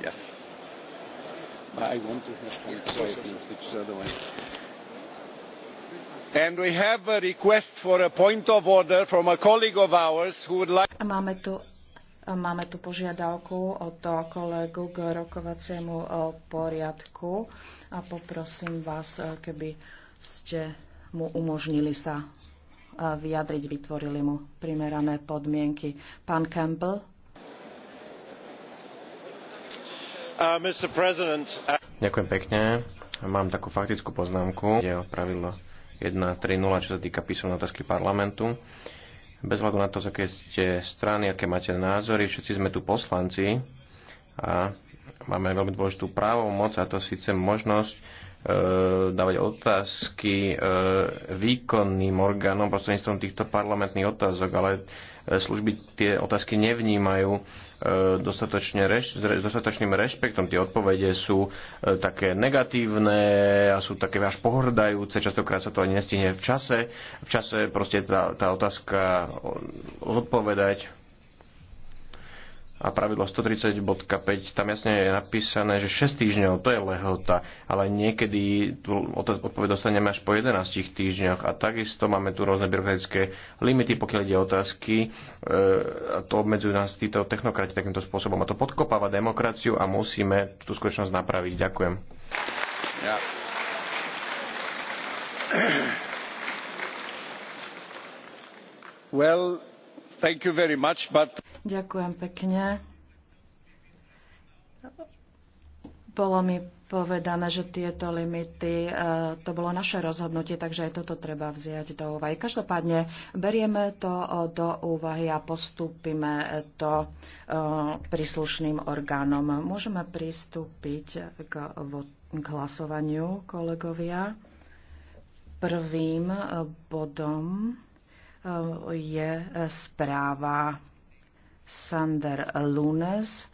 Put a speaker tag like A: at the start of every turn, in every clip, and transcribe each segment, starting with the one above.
A: Yes. But I want to have some because otherwise. And we have a request for a point of order from a colleague of ours who would like.
B: máme tu Máme tu požiadavku od kolegu k rokovaciemu e, poriadku a poprosím vás, e, keby ste mu umožnili sa e, vyjadriť, vytvorili mu primerané podmienky. Pán Campbell.
A: Uh, uh, Ďakujem pekne. Mám takú faktickú poznámku. Je o pravidlo 1.3.0, čo sa týka písomnej otázky parlamentu. Bez hľadu na to, z aké ste strany, aké máte názory, všetci sme tu poslanci a máme veľmi dôležitú právomoc a to síce možnosť e, dávať otázky e, výkonným orgánom prostredníctvom týchto parlamentných otázok, ale služby tie otázky nevnímajú e, dostatočne reš, dostatočným rešpektom. Tie odpovede sú e, také negatívne a sú také až pohrdajúce. Častokrát sa to ani nestihne v čase. V čase proste tá, tá otázka odpovedať a pravidlo 130.5, tam jasne je napísané, že 6 týždňov, to je lehota, ale niekedy tú odpoveď dostaneme až po 11 týždňoch a takisto máme tu rôzne byrokratické limity, pokiaľ ide otázky e, a to obmedzujú nás títo technokrati takýmto spôsobom a to podkopáva demokraciu a musíme tú skutočnosť napraviť. Ďakujem. Ja. Well, Ďakujem
B: pekne. Bolo mi povedané, že tieto limity, e, to bolo naše rozhodnutie, takže aj toto treba vziať do úvahy. Každopádne berieme to e, do úvahy a postúpime to e, príslušným orgánom. Môžeme pristúpiť k, k hlasovaniu, kolegovia. Prvým bodom je správa Sander Lunes.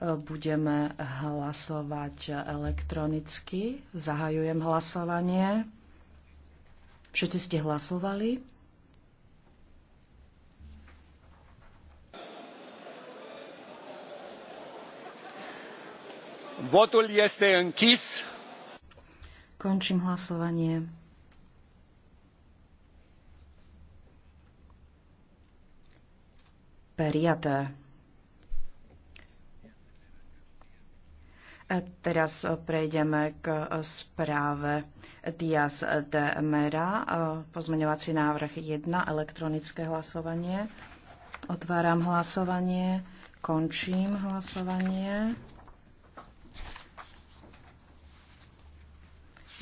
B: Budeme hlasovať elektronicky. Zahajujem hlasovanie. Všetci ste hlasovali?
A: Votul este închis.
B: Končím hlasovanie. prijaté. Teraz prejdeme k správe Diaz de Mera. Pozmeňovací návrh 1, elektronické hlasovanie. Otváram hlasovanie, končím hlasovanie.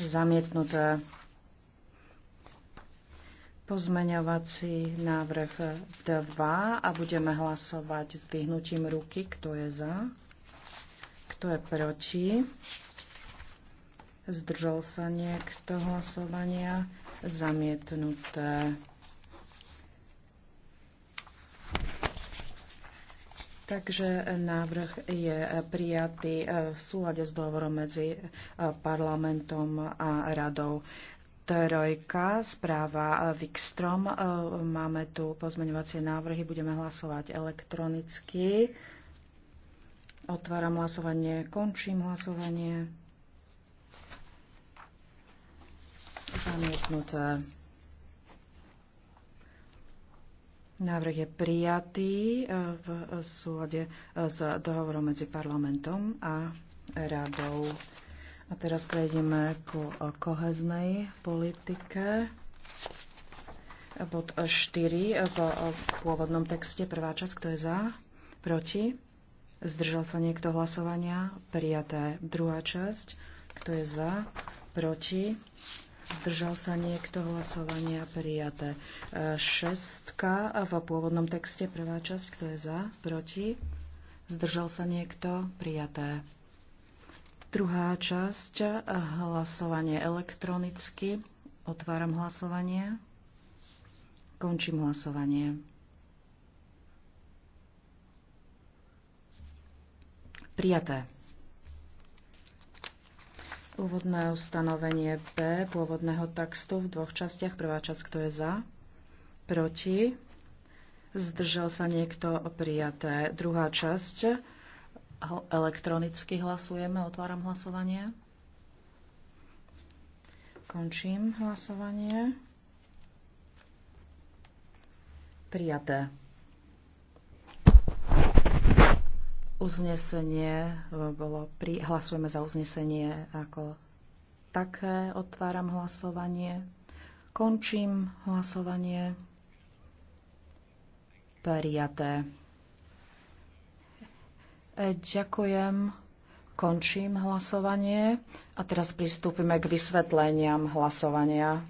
B: Zamietnuté. Pozmeňovací návrh 2 a budeme hlasovať s vyhnutím ruky, kto je za, kto je proti. Zdržal sa niekto hlasovania. Zamietnuté. Takže návrh je prijatý v súlade s dohovorom medzi parlamentom a radou. Trojka, správa Vikstrom. Eh, eh, máme tu pozmeňovacie návrhy, budeme hlasovať elektronicky. Otváram hlasovanie, končím hlasovanie. Zamietnuté. Návrh je prijatý eh, v súlade s dohovorom medzi parlamentom a radou. A teraz prejdeme ku koheznej politike. Bod 4 v pôvodnom texte, prvá časť, kto je za, proti, zdržal sa niekto hlasovania, prijaté. Druhá časť, kto je za, proti, zdržal sa niekto hlasovania, prijaté. E, šestka v pôvodnom texte, prvá časť, kto je za, proti, zdržal sa niekto, prijaté. Druhá časť, hlasovanie elektronicky. Otváram hlasovanie. Končím hlasovanie. Prijaté. Úvodné ustanovenie P pôvodného textu v dvoch častiach. Prvá časť, kto je za? Proti? Zdržal sa niekto prijaté. Druhá časť Elektronicky hlasujeme. Otváram hlasovanie. Končím hlasovanie. Prijaté. Uznesenie e, bolo pri... Hlasujeme za uznesenie ako také. Otváram hlasovanie. Končím hlasovanie. Prijaté. Ďakujem. Končím hlasovanie a teraz pristúpime k vysvetleniam hlasovania.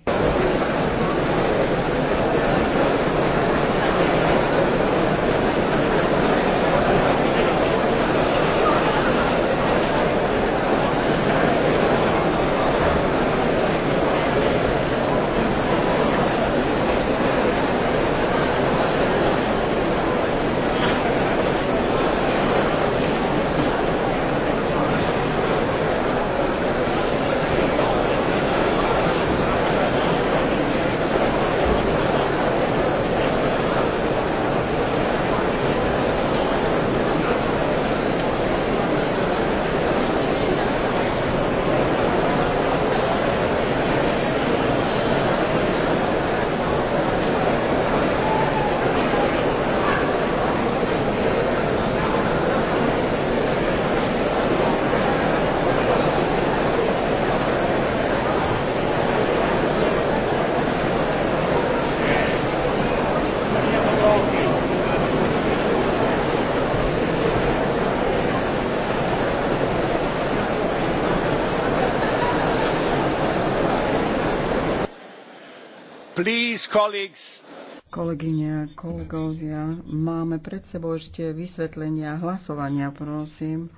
A: Please, colleagues.
B: Kolegyne, kolegovia, máme pred sebou ešte vysvetlenia hlasovania, prosím.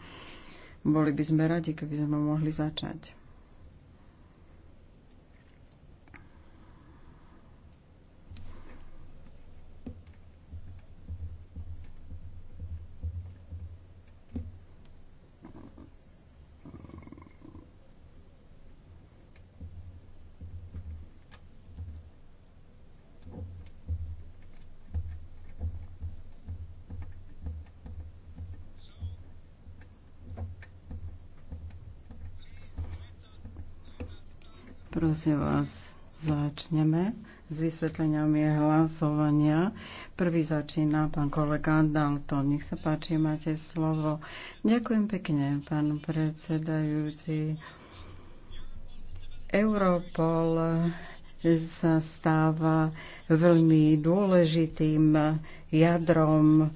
B: Boli by sme radi, keby sme mohli začať. Prosím vás, začneme s vysvetleniami hlasovania. Prvý začína pán kolega Dalton. Nech sa páči, máte slovo. Ďakujem pekne, pán predsedajúci. Europol sa stáva veľmi dôležitým jadrom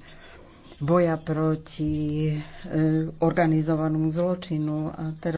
B: boja proti eh, organizovanému zločinu a terorizmu.